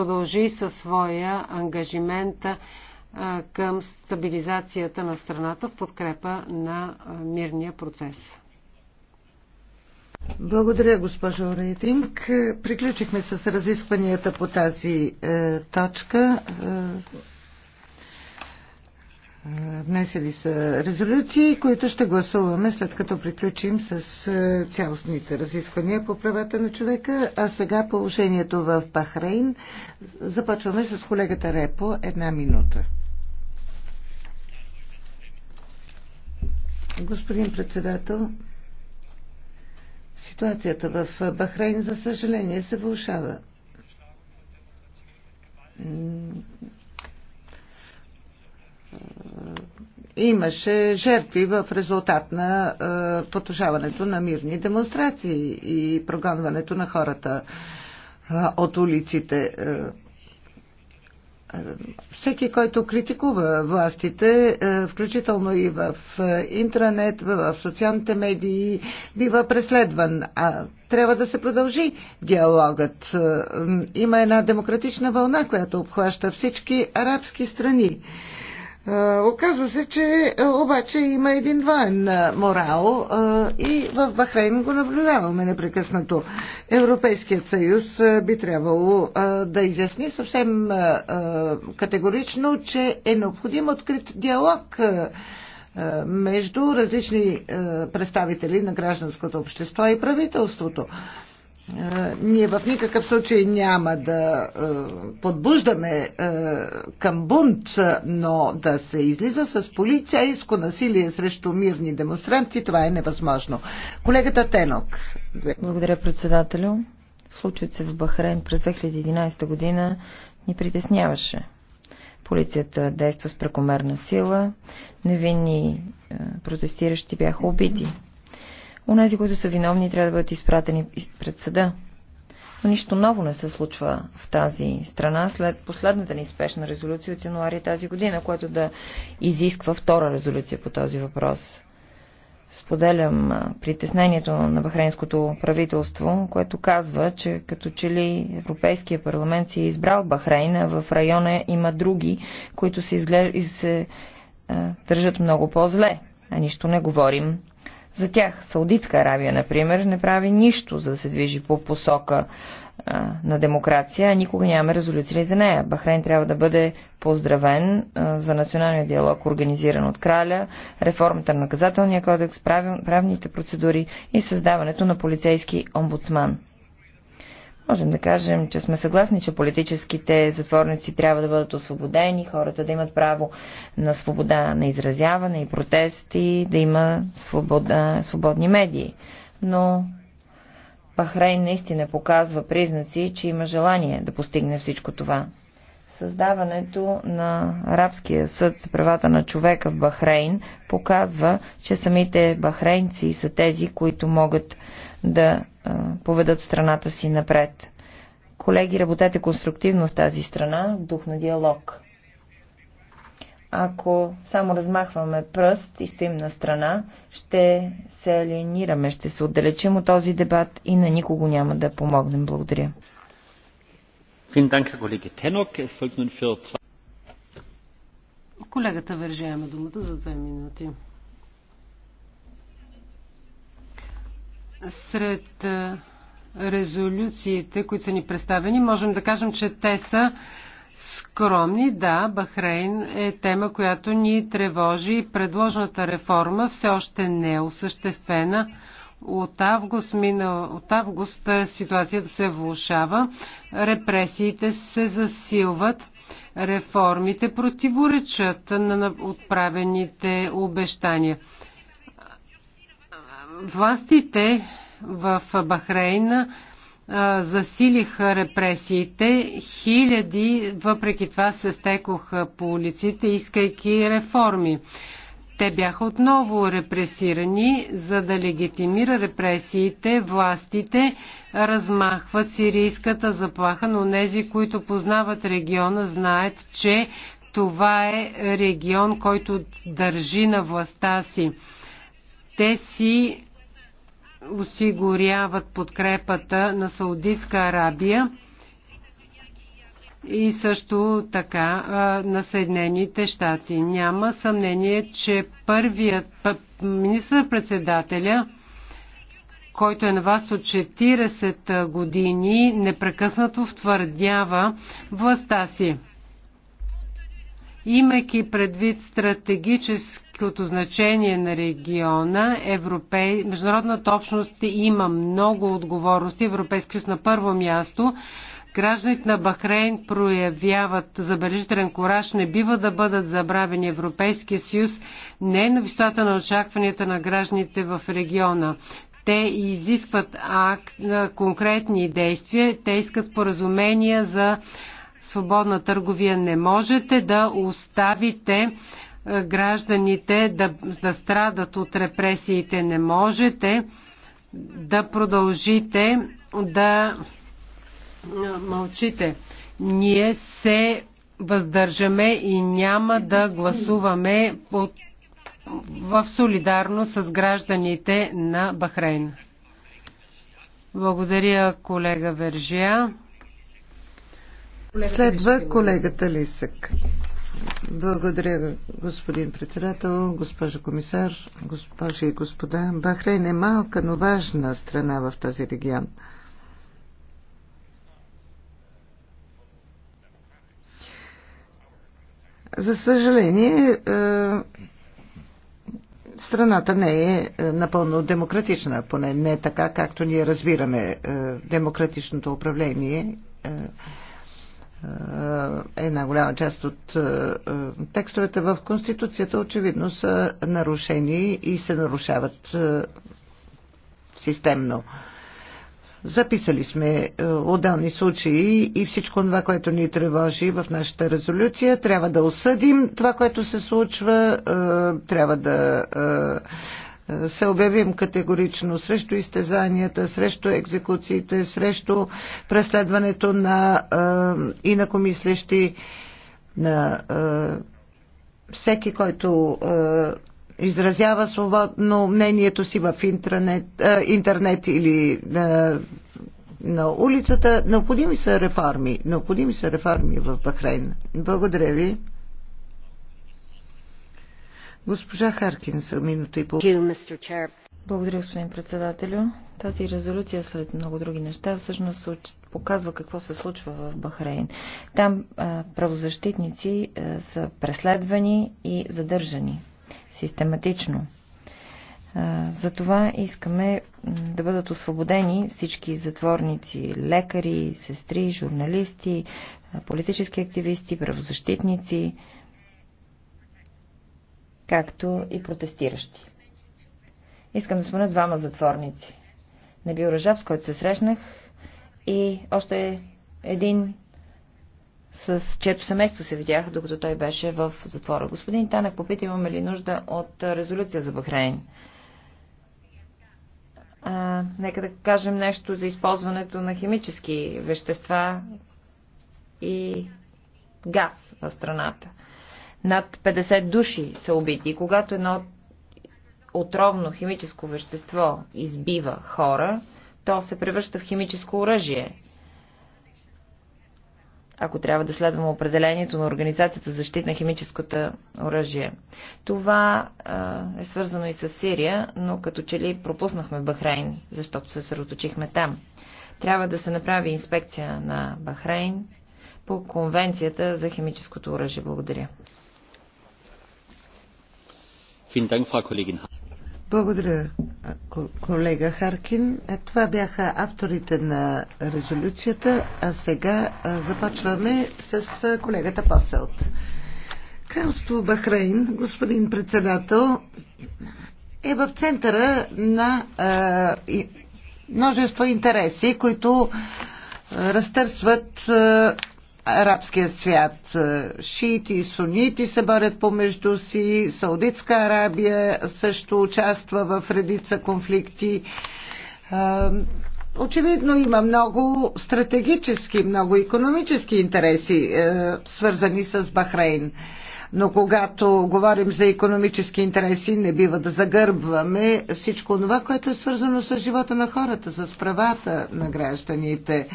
продължи със своя ангажимент към стабилизацията на страната в подкрепа на мирния процес. Благодаря, госпожо Рейтинг. Приключихме с разискванията по тази е, точка. Е... Внесели са резолюции, които ще гласуваме след като приключим с е, цялостните разисквания по правата на човека. А сега положението в Бахрейн. Започваме с колегата Репо. Една минута. Господин председател, ситуацията в Бахрейн, за съжаление, се вълшава имаше жертви в резултат на а, е, потушаването на мирни демонстрации и прогонването на хората а, е, от улиците. Е, всеки, който критикува властите, включително и в интернет, в социалните медии, бива преследван. А трябва да се продължи диалогът. Има една демократична вълна, която обхваща всички арабски страни. Оказва се, че обаче има един двоен морал и в Бахрейн го наблюдаваме непрекъснато. Европейският съюз би трябвало да изясни съвсем категорично, че е необходим открит диалог между различни представители на гражданското общество и правителството. Е, ние в никакъв случай няма да е, подбуждаме е, към бунт, но да се излиза с полицейско насилие срещу мирни демонстранти, това е невъзможно. Колегата Тенок. Благодаря, председателю. Случаят се в Бахрейн през 2011 година ни притесняваше. Полицията действа с прекомерна сила, невинни протестиращи бяха убити. Онези, които са виновни, трябва да бъдат изпратени пред съда. Но нищо ново не се случва в тази страна след последната ни спешна резолюция от януари тази година, което да изисква втора резолюция по този въпрос. Споделям притеснението на бахрейнското правителство, което казва, че като че ли Европейския парламент си е избрал Бахрейна, в района има други, които се, изглед... се е, държат много по-зле. А нищо не говорим за тях Саудитска Аравия, например, не прави нищо, за да се движи по посока а, на демокрация, а никога нямаме резолюция за нея. Бахрейн трябва да бъде поздравен а, за националния диалог, организиран от краля, реформата на наказателния кодекс, правилните правните процедури и създаването на полицейски омбудсман. Можем да кажем, че сме съгласни, че политическите затворници трябва да бъдат освободени, хората да имат право на свобода на изразяване и протести, да има свобода, свободни медии. Но Бахрейн наистина показва признаци, че има желание да постигне всичко това. Създаването на Арабския съд за правата на човека в Бахрейн показва, че самите бахрейнци са тези, които могат да поведат страната си напред. Колеги, работете конструктивно в тази страна, в дух на диалог. Ако само размахваме пръст и стоим на страна, ще се алиенираме, ще се отдалечим от този дебат и на никого няма да помогнем. Благодаря. Колегата Вържа думата за две минути. Сред резолюциите, които са ни представени, можем да кажем, че те са скромни. Да, Бахрейн е тема, която ни тревожи. Предложената реформа все още не е осъществена. От август, мина, от август ситуацията се влушава, репресиите се засилват, реформите противоречат на отправените обещания. Властите в Бахрейн засилиха репресиите. Хиляди, въпреки това, се стекоха по улиците, искайки реформи. Те бяха отново репресирани, за да легитимира репресиите, властите размахват сирийската заплаха, но нези, които познават региона, знаят, че това е регион, който държи на властта си. Те си осигуряват подкрепата на Саудитска Арабия и също така на Съединените щати. Няма съмнение, че първият министър-председателя, който е на вас от 40 години, непрекъснато втвърдява властта си. Имайки предвид стратегическото значение на региона, Европей... международната общност има много отговорности. Европейски съюз на първо място. Гражданите на Бахрейн проявяват забележителен кораж, не бива да бъдат забравени. Европейския съюз не е на висотата на очакванията на гражданите в региона. Те изискват акт, конкретни действия, те искат споразумения за свободна търговия. Не можете да оставите е, гражданите да, да страдат от репресиите. Не можете да продължите да е, мълчите. Ние се въздържаме и няма да гласуваме от, в солидарност с гражданите на Бахрейн. Благодаря, колега Вержия. Следва колегата Лисък. Благодаря, господин председател, госпожо комисар, госпожи и господа. Бахрейн е малка, но важна страна в този регион. За съжаление, е, страната не е, е напълно демократична, поне не така, както ние разбираме е, демократичното управление е, една голяма част от е, е, текстовете в Конституцията очевидно са нарушени и се нарушават системно. Записали сме отделни случаи и всичко това, което ни тревожи в нашата резолюция. Трябва да осъдим това, което се случва, трябва да се обявим категорично срещу изтезанията, срещу екзекуциите, срещу преследването на инакомислещи, на е, всеки, който е, изразява свободно мнението си в интернет, е, интернет или на улицата. Необходими са реформи. Необходими са реформи в Бахрейн. Благодаря ви. Госпожа Харкин, за минута и половина. Благодаря, господин председателю. Тази резолюция след много други неща всъщност показва какво се случва в Бахрейн. Там а, правозащитници а, са преследвани и задържани систематично. Затова искаме да бъдат освободени всички затворници, лекари, сестри, журналисти, политически активисти, правозащитници, както и протестиращи. Искам да спомена двама затворници. бил Ръжав, с който се срещнах, и още един, с чието семейство се видях, докато той беше в затвора. Господин Танък попита, имаме ли нужда от резолюция за Бахрейн. А, нека да кажем нещо за използването на химически вещества и газ в страната. Над 50 души са убити. Когато едно отровно химическо вещество избива хора, то се превръща в химическо оръжие. Ако трябва да следваме определението на Организацията за защита на химическото оръжие. Това е свързано и с Сирия, но като че ли пропуснахме Бахрейн, защото се съсредоточихме там. Трябва да се направи инспекция на Бахрейн по Конвенцията за химическото оръжие. Благодаря. Благодаря, колега Харкин. Е, това бяха авторите на резолюцията, а сега започваме с колегата Поселт. Кралство Бахрейн, господин председател, е в центъра на множество интереси, които разтърсват арабския свят. Е, шиити и сунити се борят помежду си, Саудитска Арабия също участва в редица конфликти. Е, очевидно има много стратегически, много економически интереси, е, свързани с Бахрейн. Но когато говорим за економически интереси, не бива да загърбваме всичко това, което е свързано с живота на хората, с правата на гражданите.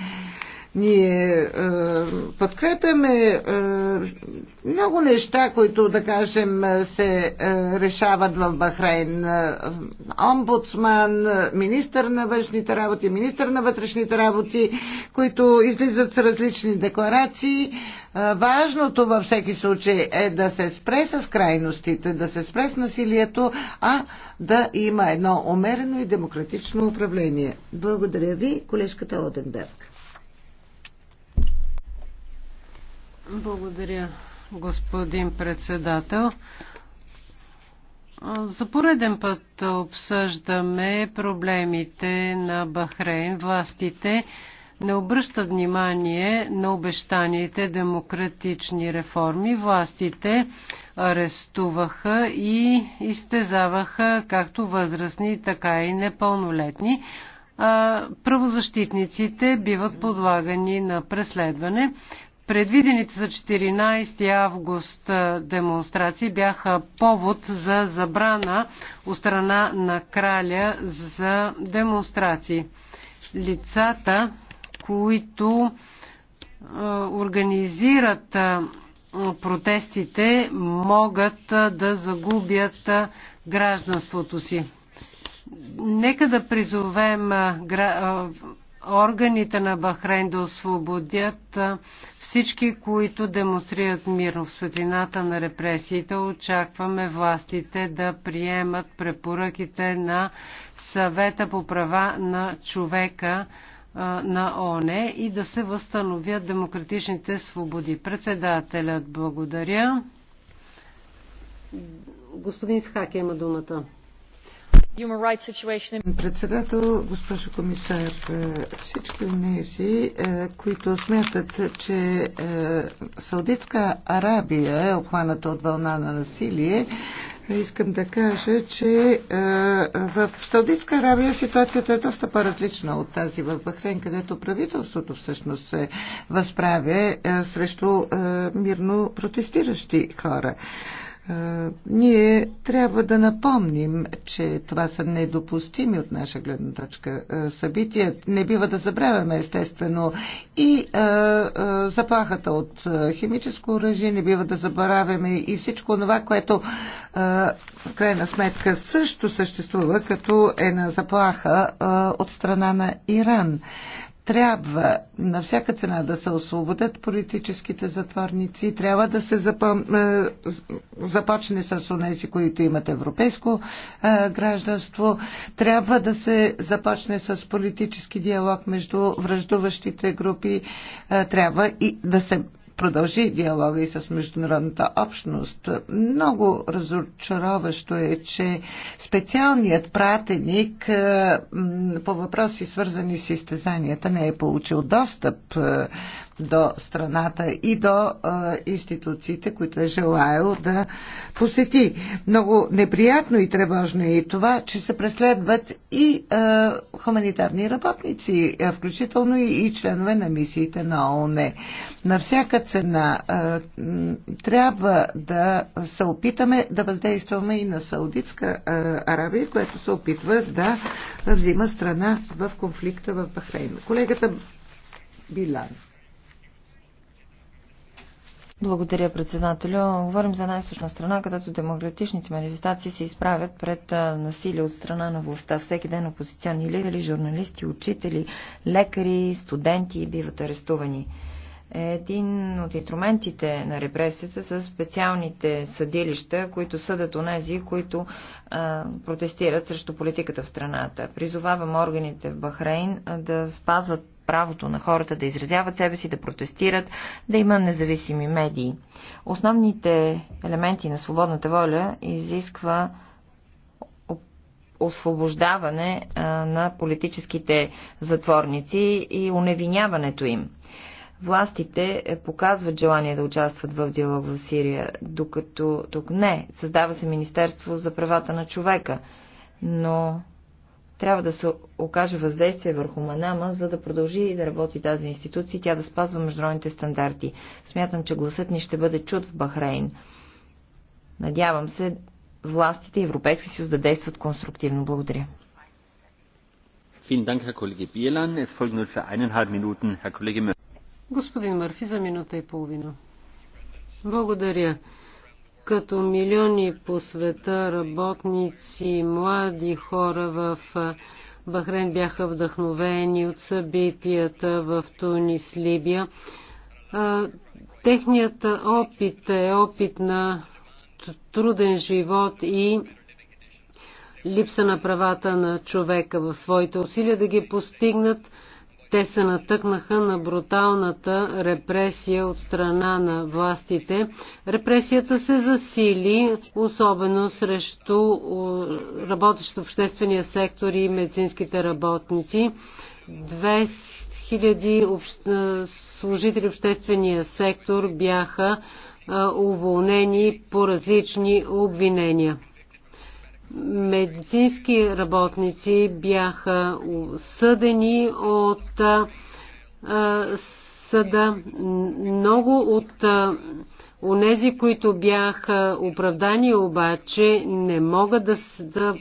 Ние е, подкрепяме е, много неща, които, да кажем, се е, решават в Бахрейн. Е, омбудсман, министър на външните работи, министър на вътрешните работи, които излизат с различни декларации. Е, важното във всеки случай е да се спре с крайностите, да се спре с насилието, а да има едно умерено и демократично управление. Благодаря ви, колежката Оденберг. Благодаря, господин председател. За пореден път обсъждаме проблемите на Бахрейн. Властите не обръщат внимание на обещаните демократични реформи. Властите арестуваха и изтезаваха както възрастни, така и непълнолетни. Правозащитниците биват подлагани на преследване. Предвидените за 14 август демонстрации бяха повод за забрана от страна на краля за демонстрации. Лицата, които организират протестите, могат да загубят гражданството си. Нека да призовем органите на Бахрейн да освободят всички, които демонстрират мирно в светлината на репресиите. Очакваме властите да приемат препоръките на съвета по права на човека на ОНЕ и да се възстановят демократичните свободи. Председателят благодаря. Господин Схак има думата. Председател, госпожо комисар, всички унези, е, които смятат, че е, Саудитска Арабия е обхваната от вълна на насилие, искам да кажа, че е, в Саудитска Арабия ситуацията е доста по-различна от тази в Бахрейн, където правителството всъщност се възправя срещу мирно протестиращи хора ние трябва да напомним, че това са недопустими от наша гледна точка събития. Не бива да забравяме, естествено, и а, а, заплахата от химическо оръжие, не бива да забравяме и всичко това, което а, в крайна сметка също съществува като една заплаха а, от страна на Иран. А, трябва на всяка цена да се освободят политическите затворници, трябва да се запъм... Е, започне с онези, които имат европейско е, гражданство, трябва да се започне с политически диалог между връждуващите групи, е, трябва и да се продължи диалога и с международната общност. Много разочароващо е, че специалният пратеник е, по въпроси свързани с изтезанията не е получил достъп е, до страната и до е, институциите, които е желаял да посети. Много неприятно и тревожно е и това, че се преследват и хуманитарни работници, включително и членове на мисиите на ООН на всяка цена трябва да се опитаме да въздействаме и на Саудитска Арабия, която се опитва да взима страна в конфликта в Бахрейн. Колегата Билан. Благодаря, председателю. Говорим за най източна страна, където демократичните манифестации се изправят пред насилие от страна на властта. Всеки ден опозиционни лидери, журналисти, учители, лекари, студенти биват арестувани е един от инструментите на репресията с специалните съдилища, които съдат онези, които а, протестират срещу политиката в страната. Призовавам органите в Бахрейн да спазват правото на хората да изразяват себе си, да протестират, да има независими медии. Основните елементи на свободната воля изисква освобождаване на политическите затворници и уневиняването им. Властите е, показват желание да участват в диалог в Сирия, докато тук не. Създава се Министерство за правата на човека, но трябва да се окаже въздействие върху Манама, за да продължи да работи тази институция и тя да спазва международните стандарти. Смятам, че гласът ни ще бъде чут в Бахрейн. Надявам се властите и Европейски съюз да действат конструктивно. Благодаря. Vielen Dank, Herr Kollege Bielan. Es folgen nun für eineinhalb Minuten Herr Kollege Господин Мърфи, за минута и половина. Благодаря. Като милиони по света работници, млади хора в Бахрен бяха вдъхновени от събитията в Тунис, Либия. Техният опит е опит на труден живот и липса на правата на човека в своите усилия да ги постигнат те се натъкнаха на бруталната репресия от страна на властите. Репресията се засили, особено срещу работещите в обществения сектор и медицинските работници. 2000 общ... служители в обществения сектор бяха уволнени по различни обвинения медицински работници бяха съдени от съда. Много от Онези, които бяха оправдани обаче, не могат да, да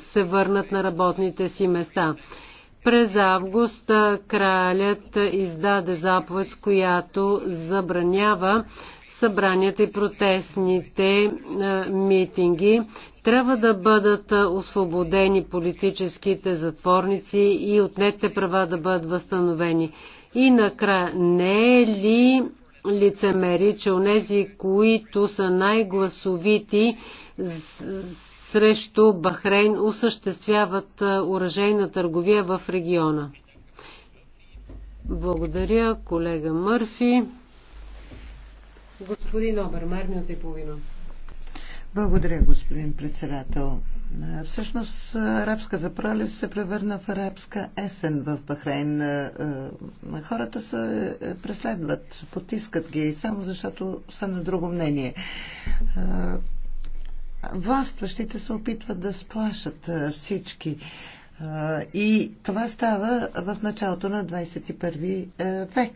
се върнат на работните си места. През август кралят издаде заповед, с която забранява събранията и протестните е, митинги. Трябва да бъдат е, освободени политическите затворници и отнете права да бъдат възстановени. И накрая, не е ли лицемери, че онези, които са най-гласовити срещу Бахрейн, осъществяват уражейна е, търговия в региона? Благодаря, колега Мърфи. Господин Обер, минута и половина. Благодаря, господин председател. Всъщност, арабската пролет се превърна в арабска есен в Бахрейн. Хората се преследват, потискат ги, само защото са на друго мнение. Властващите се опитват да сплашат всички. И това става в началото на 21 е, век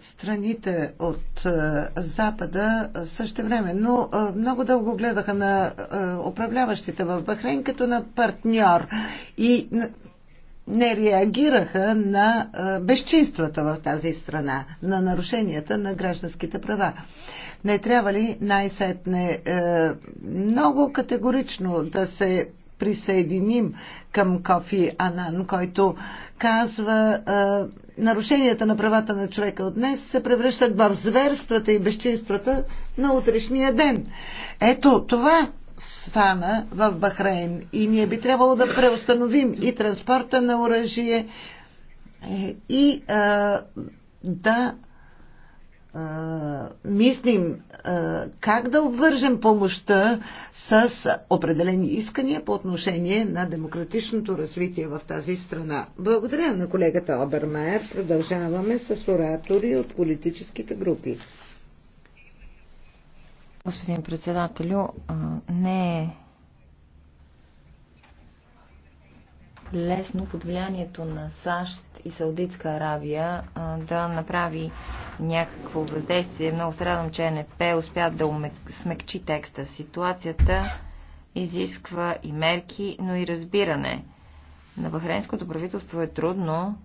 страните от е, Запада също време, но е, много дълго гледаха на е, управляващите в Бахрейн като на партньор и не реагираха на безчинствата в тази страна, на нарушенията на гражданските права. Не трябва ли най-сетне много категорично да се присъединим към Кофи Анан, който казва нарушенията на правата на човека от днес се превръщат в зверствата и безчинствата на утрешния ден. Ето това стана в Бахрейн и ние би трябвало да преустановим и транспорта на оръжие е, и а, да мислим как да обвържем помощта с определени искания по отношение на демократичното развитие в тази страна. Благодаря на колегата Обермайер. Продължаваме с оратори от политическите групи. Господин председателю, не е лесно под влиянието на САЩ и Саудитска Аравия да направи някакво въздействие. Много се радвам, че НП успя да умек... смекчи текста. Ситуацията изисква и мерки, но и разбиране. На бахренското правителство е трудно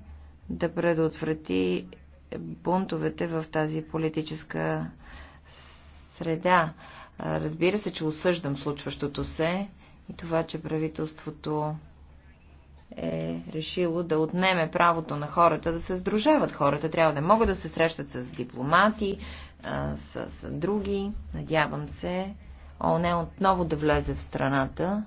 да предотврати бунтовете в тази политическа среда. Разбира се, че осъждам случващото се и това, че правителството е решило да отнеме правото на хората да се сдружават. Хората трябва да могат да се срещат с дипломати, с, с други. Надявам се ООН отново да влезе в страната.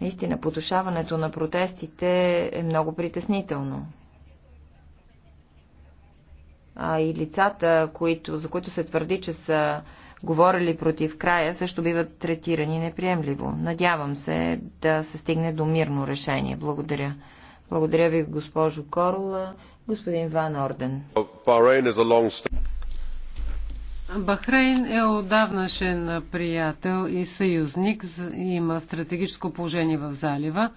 Наистина, потушаването на протестите е много притеснително. А и лицата, които, за които се твърди, че са говорили против края, също биват третирани неприемливо. Надявам се да се стигне до мирно решение. Благодаря. Благодаря ви, госпожо Корола. Господин Ван Орден. Бахрейн е отдавнашен приятел и съюзник. Има стратегическо положение в залива.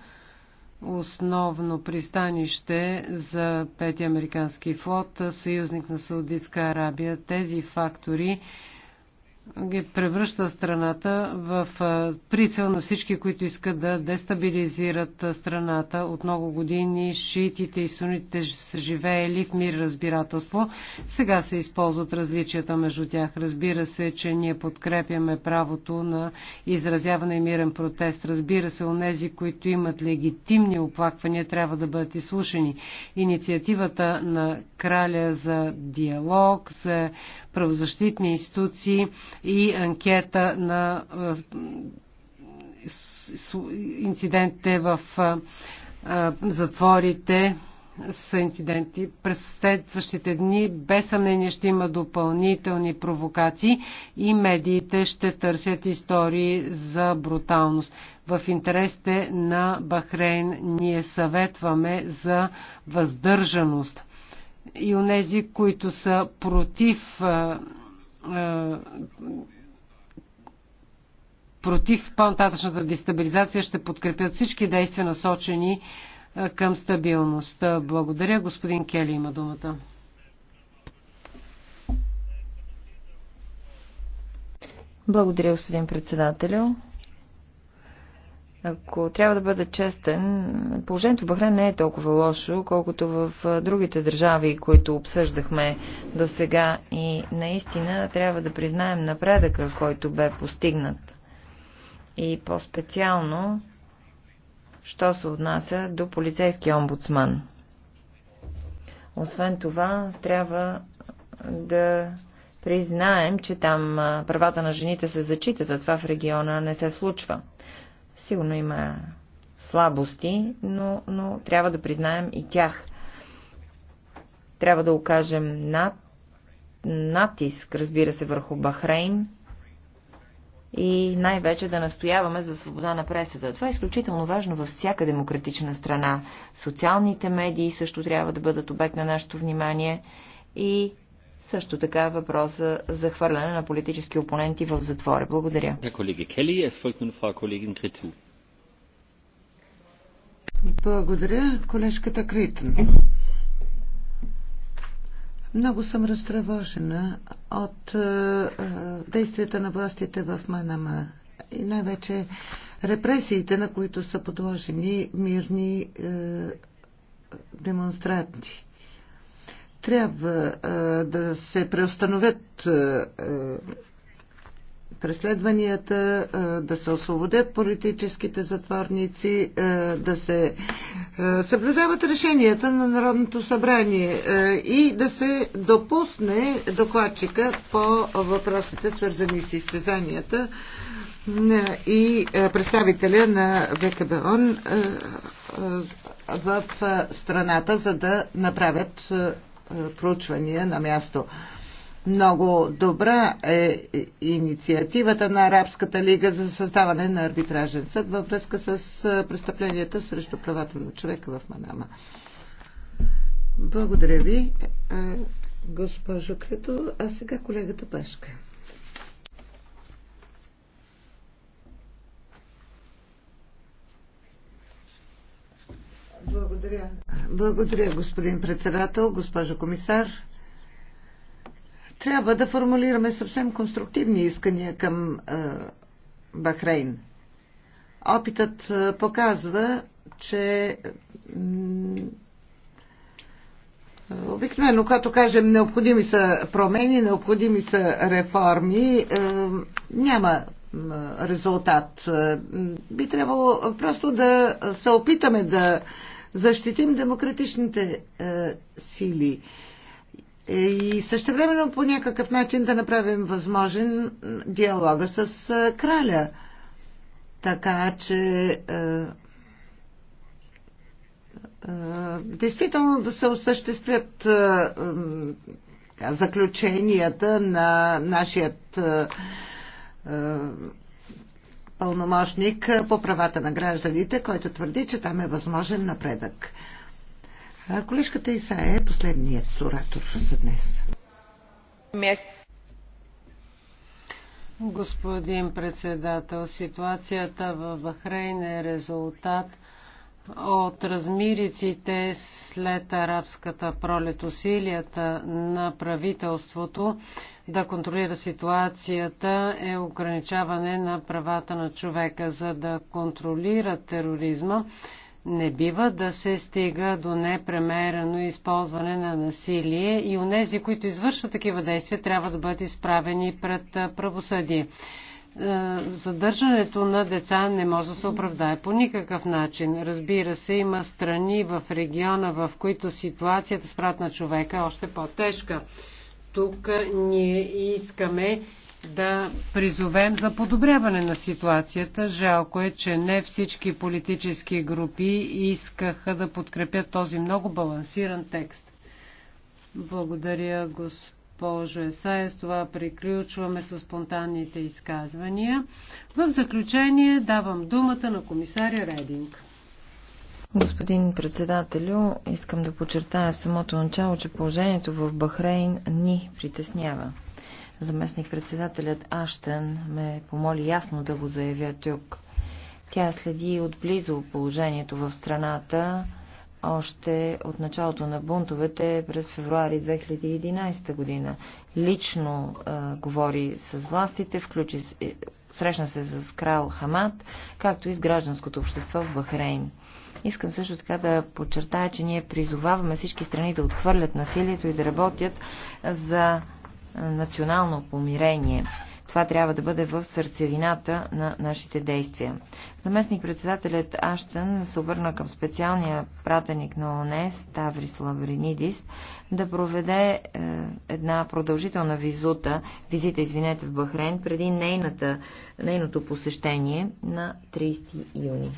Основно пристанище за Пети американски флот, съюзник на Саудитска Арабия. Тези фактори ги превръща страната в прицел на всички, които искат да дестабилизират страната. От много години шиитите и сунитите са живеели в мир разбирателство. Сега се използват различията между тях. Разбира се, че ние подкрепяме правото на изразяване и мирен протест. Разбира се, онези, които имат легитимни оплаквания, трябва да бъдат изслушани. Инициативата на краля за диалог, за правозащитни институции, и анкета на инцидентите в затворите са инциденти. През следващите дни без съмнение ще има допълнителни провокации и медиите ще търсят истории за бруталност. В интересите на Бахрейн ние съветваме за въздържаност. И нези, които са против е, против по-нататъчната дестабилизация ще подкрепят всички действия насочени е, към стабилност. Благодаря. Господин Кели има думата. Благодаря, господин председателю. Ако трябва да бъда честен, положението в Бахрейн не е толкова лошо, колкото в другите държави, които обсъждахме до сега и наистина трябва да признаем напредъка, който бе постигнат. И по-специално, що се отнася до полицейски омбудсман. Освен това, трябва да признаем, че там правата на жените се зачитат, а това в региона не се случва. Сигурно има слабости, но, но трябва да признаем и тях. Трябва да окажем над, натиск, разбира се, върху Бахрейн и най-вече да настояваме за свобода на пресата. Това е изключително важно във всяка демократична страна. Социалните медии също трябва да бъдат обект на нашето внимание и също така въпроса за хвърляне на политически опоненти в затвора. Благодаря. Благодаря, колежката Критен. Много съм разтревожена от е, действията на властите в Манама и най-вече репресиите, на които са подложени мирни е, демонстранти. Трябва да се преустановят преследванията, да се освободят политическите затворници, да се съблюдават решенията на Народното събрание и да се допусне докладчика по въпросите, свързани с изтезанията и представителя на ВКБОН в страната, за да направят проучвания на място. Много добра е инициативата на Арабската лига за създаване на арбитражен съд във връзка с престъпленията срещу правата на човека в Манама. Благодаря ви, госпожо Крето. А сега колегата Пашка. Благодаря. Благодаря, господин председател, госпожо комисар. Трябва да формулираме съвсем конструктивни искания към е, Бахрейн. Опитът е, показва, че Обикновено, когато кажем необходими са промени, необходими са реформи, няма резултат. Би трябвало просто да се опитаме да защитим демократичните е, сили е, и същевременно по някакъв начин да направим възможен диалога с е, краля. Така че е, е, действително да се осъществят е, е, заключенията на нашият е, е пълномощник по правата на гражданите, който твърди, че там е възможен напредък. Колежката Иса е последният оратор за днес. Господин председател, ситуацията в Бахрейн е резултат от размириците след арабската пролет усилията на правителството да контролира ситуацията е ограничаване на правата на човека. За да контролира тероризма, не бива да се стига до непремерено използване на насилие и онези, които извършват такива действия, трябва да бъдат изправени пред правосъдие. Е, задържането на деца не може да се оправдае по никакъв начин. Разбира се, има страни в региона, в които ситуацията с прат на човека е още по-тежка. Тук ние искаме да призовем за подобряване на ситуацията. Жалко е, че не всички политически групи искаха да подкрепят този много балансиран текст. Благодаря, господин госпожо Есая. С това приключваме с спонтанните изказвания. В заключение давам думата на комисаря Рединг. Господин председателю, искам да подчертая в самото начало, че положението в Бахрейн ни притеснява. Заместник-председателят Аштен ме помоли ясно да го заявя тук. Тя следи отблизо положението в страната още от началото на бунтовете през февруари 2011 година. Лично а, говори с властите, включи, е, срещна се с крал Хамад, както и с гражданското общество в Бахрейн. Искам също така да подчертая, че ние призоваваме всички страни да отхвърлят насилието и да работят за национално помирение. Това трябва да бъде в сърцевината на нашите действия. Заместник председателят Аштън се обърна към специалния пратеник на ОНЕ Ставрис Лавринидис да проведе е, една продължителна визута, визита, извинете, в Бахрейн преди нейната, нейното посещение на 30 юни.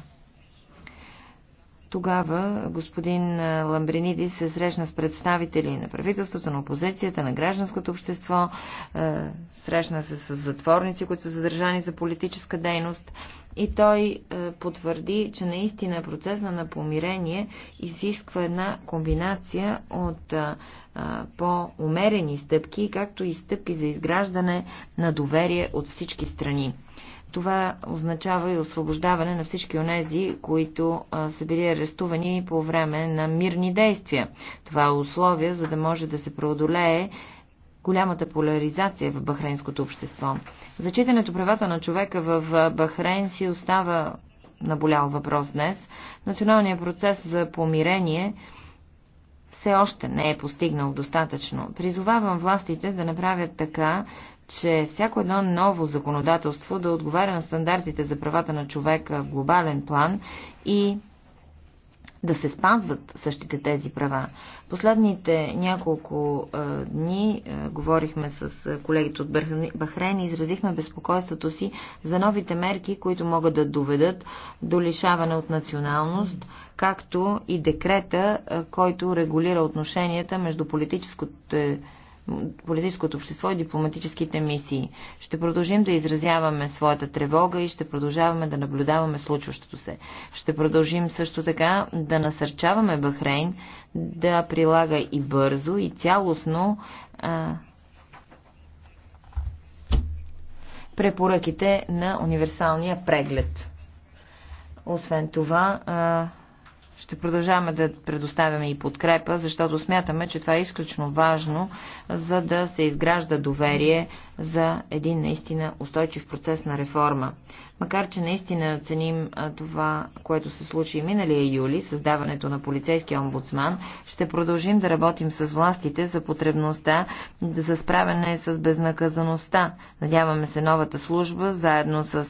Тогава господин Ламбриниди се срещна с представители на правителството, на опозицията, на гражданското общество, срещна се с затворници, които са задържани за политическа дейност и той потвърди, че наистина е процеса на помирение изисква една комбинация от по-умерени стъпки, както и стъпки за изграждане на доверие от всички страни. Това означава и освобождаване на всички онези, които а, са били арестувани по време на мирни действия. Това е условие, за да може да се преодолее голямата поляризация в бахрейнското общество. Зачитането правата на човека в Бахрейн си остава наболял въпрос днес. Националният процес за помирение все още не е постигнал достатъчно. Призовавам властите да направят така, че всяко едно ново законодателство да отговаря на стандартите за правата на човека в глобален план и да се спазват същите тези права. Последните няколко дни говорихме с колегите от Бахрейн и изразихме безпокойството си за новите мерки, които могат да доведат до лишаване от националност, както и декрета, който регулира отношенията между политическото политическото общество и дипломатическите мисии. Ще продължим да изразяваме своята тревога и ще продължаваме да наблюдаваме случващото се. Ще продължим също така да насърчаваме Бахрейн да прилага и бързо, и цялостно а, препоръките на универсалния преглед. Освен това, а, ще продължаваме да предоставяме и подкрепа, защото смятаме, че това е изключно важно, за да се изгражда доверие за един наистина устойчив процес на реформа. Макар, че наистина ценим това, което се случи миналия юли, създаването на полицейския омбудсман, ще продължим да работим с властите за потребността за справяне с безнаказаността. Надяваме се новата служба, заедно с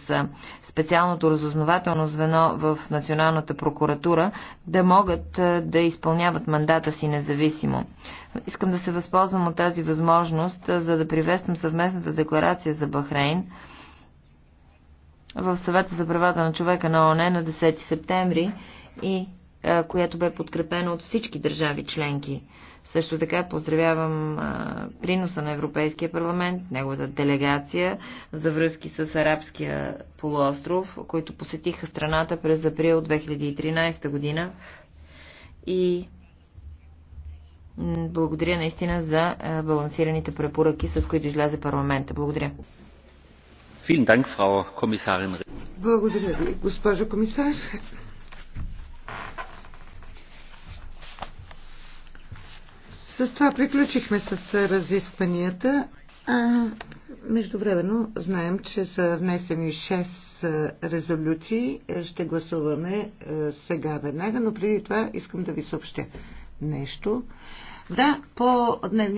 специалното разузнавателно звено в Националната прокуратура, да могат да изпълняват мандата си независимо. Искам да се възползвам от тази възможност, за да приветствам съвместната декларация за Бахрейн в съвета за правата на човека на ОНЕ на 10 септември и която бе подкрепена от всички държави членки. Също така поздравявам а, приноса на Европейския парламент, неговата делегация за връзки с Арабския полуостров, които посетиха страната през април 2013 година и благодаря наистина за балансираните препоръки, с които излезе парламента. Благодаря. Благодаря ви, госпожо комисар. С това приключихме с разискванията. А, междувременно знаем, че са внесени 6 резолюции. Ще гласуваме сега веднага, но преди това искам да ви съобщя нещо. Да, по Не,